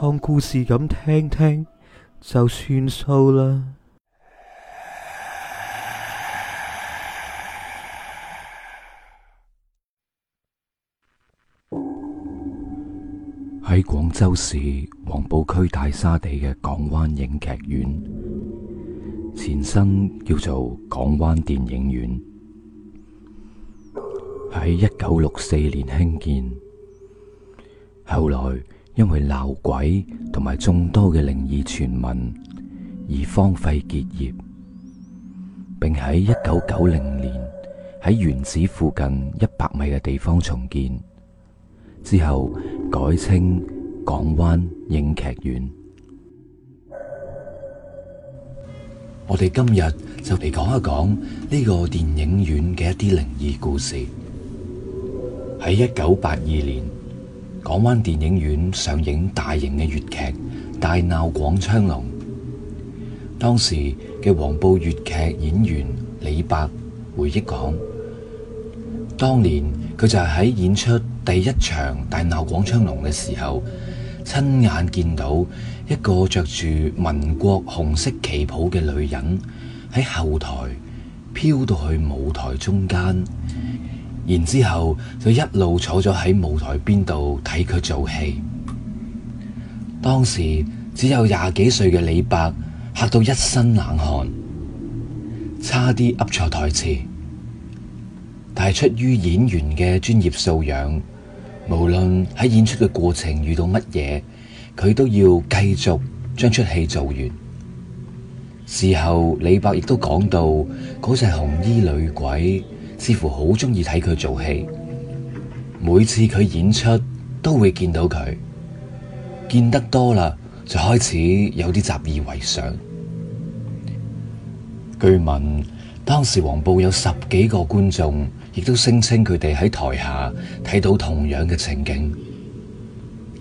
當故事咁聽聽就算數啦。喺廣州市黃埔區大沙地嘅港灣影劇院，前身叫做港灣電影院，喺一九六四年興建。後來，因為鬧鬼同埋眾多嘅靈異傳聞而荒廢結業，並喺一九九零年喺原址附近一百米嘅地方重建，之後改稱港灣影劇院。我哋今日就嚟講一講呢個電影院嘅一啲靈異故事。喺一九八二年。港灣電影院上映大型嘅粵劇《大鬧廣昌隆》。當時嘅黃埔粵劇演員李伯回憶講：當年佢就係喺演出第一場《大鬧廣昌隆》嘅時候，親眼見到一個着住民國紅色旗袍嘅女人喺後台飄到去舞台中間。然之後，就一路坐咗喺舞台邊度睇佢做戲。當時只有廿幾歲嘅李白嚇到一身冷汗，差啲噏錯台詞。但係，出於演員嘅專業素養，無論喺演出嘅過程遇到乜嘢，佢都要繼續將出戲做完。事後，李白亦都講到嗰隻紅衣女鬼。似乎好中意睇佢做戲，每次佢演出都會見到佢，見得多啦，就開始有啲習以為常。據聞當時黃埔有十幾個觀眾，亦都聲稱佢哋喺台下睇到同樣嘅情景。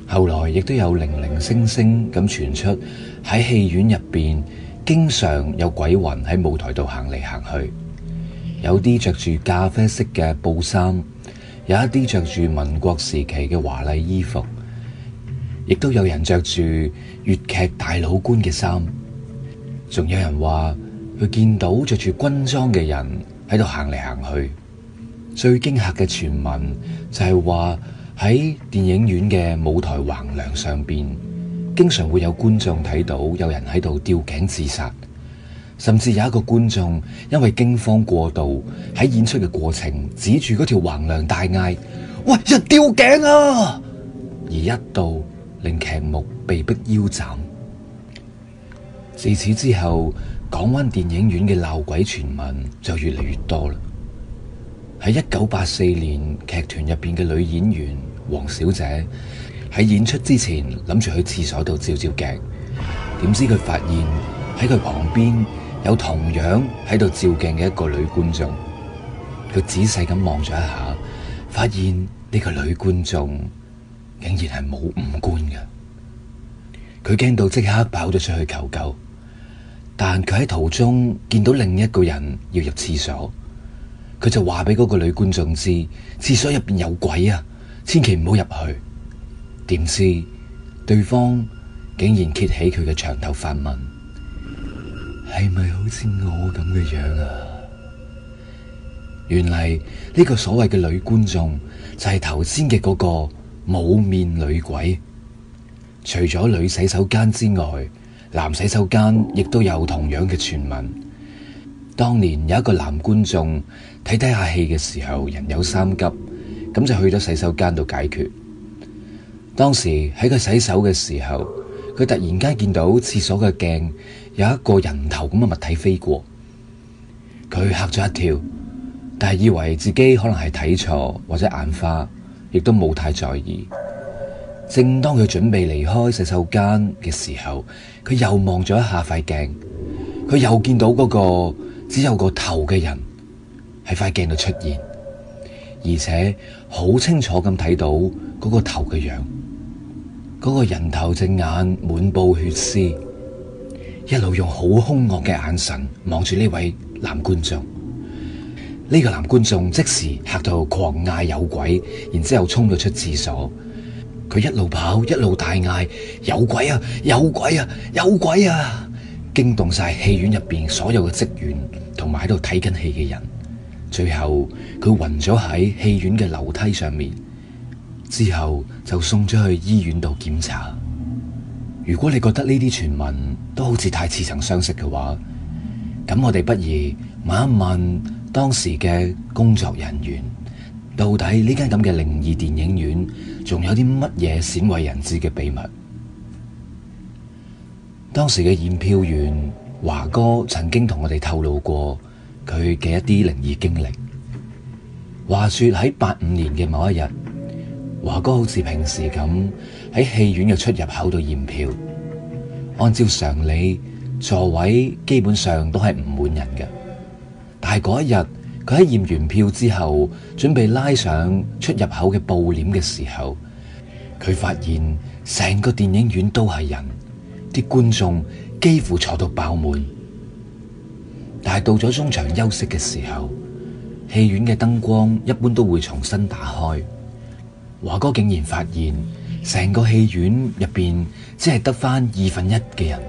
後來亦都有零零星星咁傳出，喺戲院入邊經常有鬼魂喺舞台度行嚟行去。有啲着住咖啡色嘅布衫，有一啲着住民國時期嘅華麗衣服，亦都有人着住粵劇大老官嘅衫，仲有人話佢見到着住軍裝嘅人喺度行嚟行去。最驚嚇嘅傳聞就係話喺電影院嘅舞台橫梁上邊，經常會有觀眾睇到有人喺度吊頸自殺。甚至有一個觀眾因為驚慌過度，喺演出嘅過程指住嗰條橫梁大嗌：「喂！人吊頸啊！而一度令劇目被迫腰斬。自此之後，港灣電影院嘅鬧鬼傳聞就越嚟越多啦。喺一九八四年，劇團入邊嘅女演員黃小姐，喺演出之前諗住去廁所度照照鏡，點知佢發現喺佢旁邊。有同樣喺度照鏡嘅一個女觀眾，佢仔細咁望咗一下，發現呢個女觀眾竟然係冇五官嘅，佢驚到即刻跑咗出去求救，但佢喺途中見到另一個人要入廁所，佢就話俾嗰個女觀眾知廁所入邊有鬼啊，千祈唔好入去。點知對方竟然揭起佢嘅長頭髮問？係咪好似我咁嘅樣啊？原嚟呢個所謂嘅女觀眾就係頭先嘅嗰個冇面女鬼。除咗女洗手間之外，男洗手間亦都有同樣嘅傳聞。當年有一個男觀眾睇睇下戲嘅時候，人有三急，咁就去咗洗手間度解決。當時喺佢洗手嘅時候，佢突然間見到廁所嘅鏡。有一個人頭咁嘅物體飛過，佢嚇咗一跳，但係以為自己可能係睇錯或者眼花，亦都冇太在意。正當佢準備離開洗手間嘅時候，佢又望咗一下塊鏡，佢又見到嗰個只有個頭嘅人喺塊鏡度出現，而且好清楚咁睇到嗰個頭嘅樣，嗰個人頭正眼滿布血絲。一路用好兇惡嘅眼神望住呢位男觀眾，呢個男觀眾即時嚇到狂嗌有鬼，然之後沖咗出廁所。佢一路跑，一路大嗌：有鬼啊！有鬼啊！有鬼啊！驚動晒戲院入邊所有嘅職員同埋喺度睇緊戲嘅人。最後佢暈咗喺戲院嘅樓梯上面，之後就送咗去醫院度檢查。如果你覺得呢啲傳聞都好似太似曾相識嘅話，咁我哋不如問一問當時嘅工作人員，到底呢間咁嘅靈異電影院仲有啲乜嘢鮮為人知嘅秘密？當時嘅驗票員華哥曾經同我哋透露過佢嘅一啲靈異經歷。話說喺八五年嘅某一日，華哥好似平時咁。喺戲院嘅出入口度驗票，按照常理，座位基本上都係唔滿人嘅。但係嗰一日，佢喺驗完票之後，準備拉上出入口嘅布簾嘅時候，佢發現成個電影院都係人，啲觀眾幾乎坐到爆滿。但係到咗中場休息嘅時候，戲院嘅燈光一般都會重新打開。華哥竟然發現。成個戲院入邊，只係得翻二分一嘅人。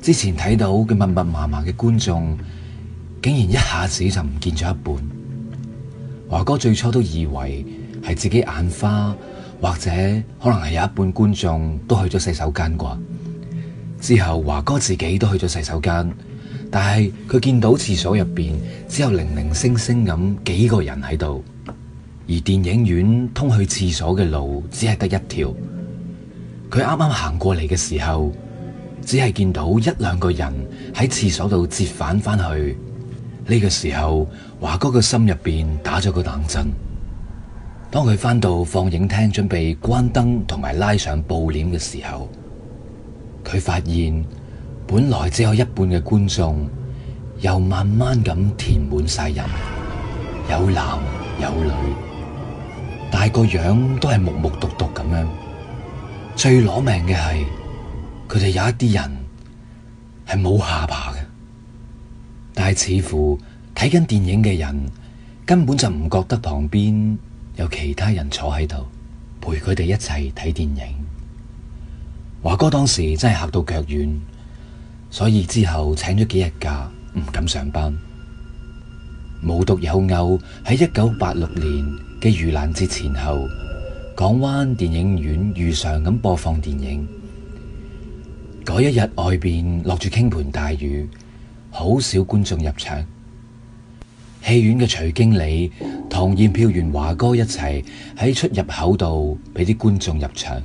之前睇到嘅密密麻麻嘅觀眾，竟然一下子就唔見咗一半。華哥最初都以為係自己眼花，或者可能係有一半觀眾都去咗洗手間啩。之後華哥自己都去咗洗手間，但係佢見到廁所入邊，只有零零星星咁幾個人喺度。而電影院通去廁所嘅路只係得一條，佢啱啱行過嚟嘅時候，只係見到一兩個人喺廁所度折返返去。呢個時候，華哥嘅心入邊打咗個冷震。當佢返到放映廳準備關燈同埋拉上布簾嘅時候，佢發現本來只有一半嘅觀眾，又慢慢咁填滿晒人，有男有女。個樣都係木木獨獨咁樣，最攞命嘅係佢哋有一啲人係冇下巴嘅，但係似乎睇緊電影嘅人根本就唔覺得旁邊有其他人坐喺度陪佢哋一齊睇電影。華哥當時真係嚇到腳軟，所以之後請咗幾日假唔敢上班。無獨有偶，喺一九八六年。嘅愚人節前後，港灣電影院如常咁播放電影。嗰一日外邊落住傾盆大雨，好少觀眾入場。戲院嘅徐經理同驗票員華哥一齊喺出入口度俾啲觀眾入場。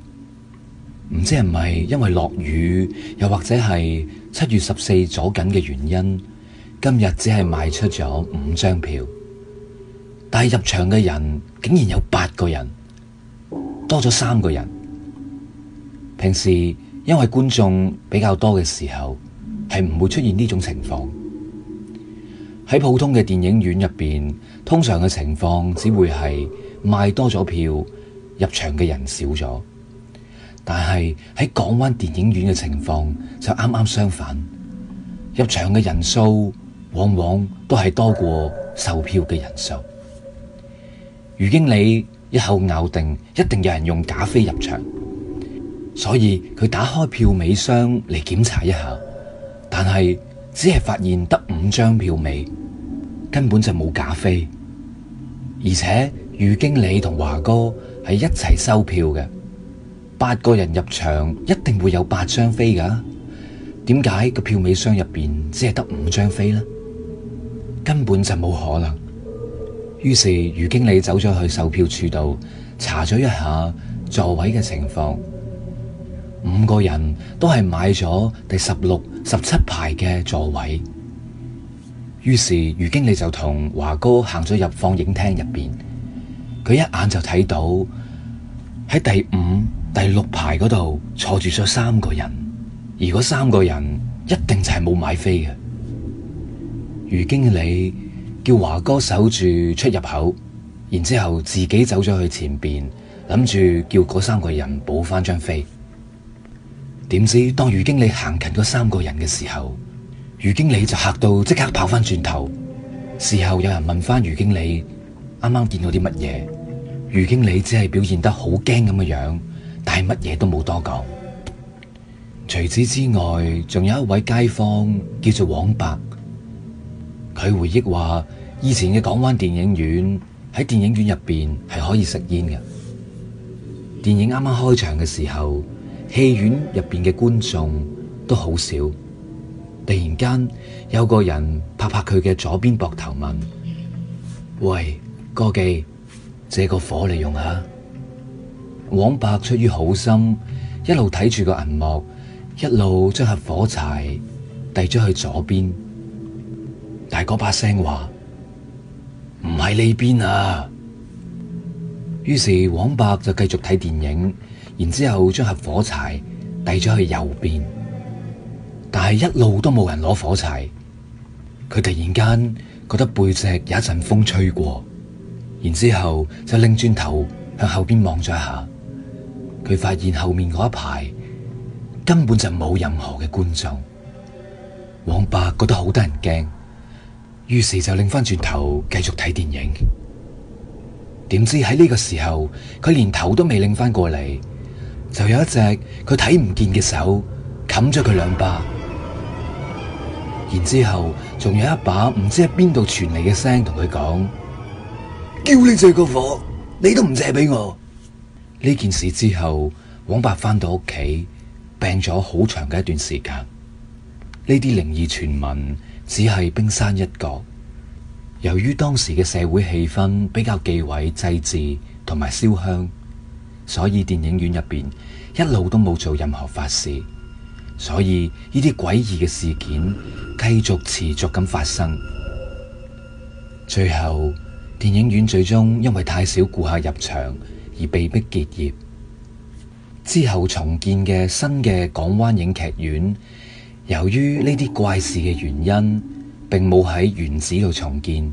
唔知係咪因為落雨，又或者係七月十四阻緊嘅原因，今日只係賣出咗五張票。但係入場嘅人竟然有八個人，多咗三個人。平時因為觀眾比較多嘅時候，係唔會出現呢種情況。喺普通嘅電影院入邊，通常嘅情況只會係賣多咗票，入場嘅人少咗。但係喺港灣電影院嘅情況就啱啱相反，入場嘅人數往往都係多過售票嘅人數。余經理一口咬定，一定有人用假飛入場，所以佢打開票尾箱嚟檢查一下。但係只係發現得五張票尾，根本就冇假飛。而且余經理同華哥係一齊收票嘅，八個人入場一定會有八張飛㗎。點解個票尾箱入邊只係得五張飛呢？根本就冇可能。於是，余經理走咗去售票處度查咗一下座位嘅情況，五個人都係買咗第十六、十七排嘅座位。於是，余經理就同華哥行咗入放映廳入邊，佢一眼就睇到喺第五、第六排嗰度坐住咗三個人，而嗰三個人一定就係冇買飛嘅。余經理。叫華哥守住出入口，然之後自己走咗去前邊，諗住叫嗰三個人補翻張飛。點知當余經理行近嗰三個人嘅時候，余經理就嚇到即刻跑翻轉頭。事後有人問翻余經理，啱啱見到啲乜嘢？余經理只係表現得好驚咁嘅樣，但係乜嘢都冇多講。除此之外，仲有一位街坊叫做黃伯。佢回憶話：以前嘅港灣電影院喺電影院入邊係可以食煙嘅。電影啱啱開場嘅時候，戲院入邊嘅觀眾都好少。突然間有個人拍拍佢嘅左邊膊頭問：喂，哥記，借個火嚟用下。黃伯出於好心，一路睇住個銀幕，一路將盒火柴遞咗去左邊。大哥把聲話唔喺呢邊啊。於是王伯就繼續睇電影，然之後將盒火柴遞咗去右邊，但係一路都冇人攞火柴。佢突然間覺得背脊有一陣風吹過，然之後就擰轉頭向後邊望咗一下，佢發現後面嗰一排根本就冇任何嘅觀眾。王伯覺得好得人驚。於是就擰翻轉頭，繼續睇電影，點知喺呢個時候佢連頭都未擰翻過嚟，就有一隻佢睇唔見嘅手冚咗佢兩巴，然之後仲有一把唔知喺邊度傳嚟嘅聲同佢講：叫你借個火，你都唔借俾我。呢件事之後，王伯翻到屋企病咗好長嘅一段時間。呢啲靈異傳聞。只係冰山一角。由於當時嘅社會氣氛比較忌諱祭祀同埋燒香，所以電影院入邊一路都冇做任何法事，所以呢啲詭異嘅事件繼續持續咁發生。最後，電影院最終因為太少顧客入場而被迫結業。之後重建嘅新嘅港灣影劇院。由於呢啲怪事嘅原因，並冇喺原址度重建，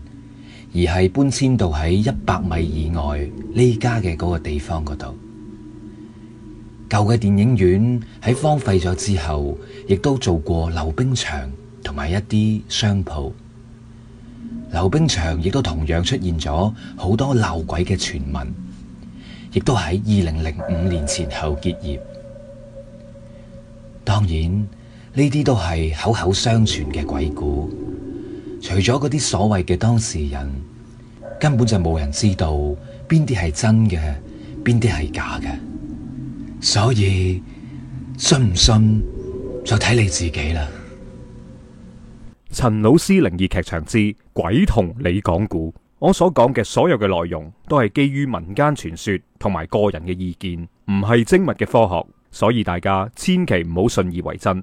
而係搬遷到喺一百米以外呢家嘅嗰個地方嗰度。舊嘅電影院喺荒廢咗之後，亦都做過溜冰場同埋一啲商鋪。溜冰場亦都同樣出現咗好多鬧鬼嘅傳聞，亦都喺二零零五年前後結業。當然。呢啲都係口口相傳嘅鬼故，除咗嗰啲所謂嘅當事人，根本就冇人知道邊啲係真嘅，邊啲係假嘅。所以信唔信就睇你自己啦。陳老師靈異劇場之鬼同你講故，我所講嘅所有嘅內容都係基於民間傳說同埋個人嘅意見，唔係精密嘅科學，所以大家千祈唔好信以為真。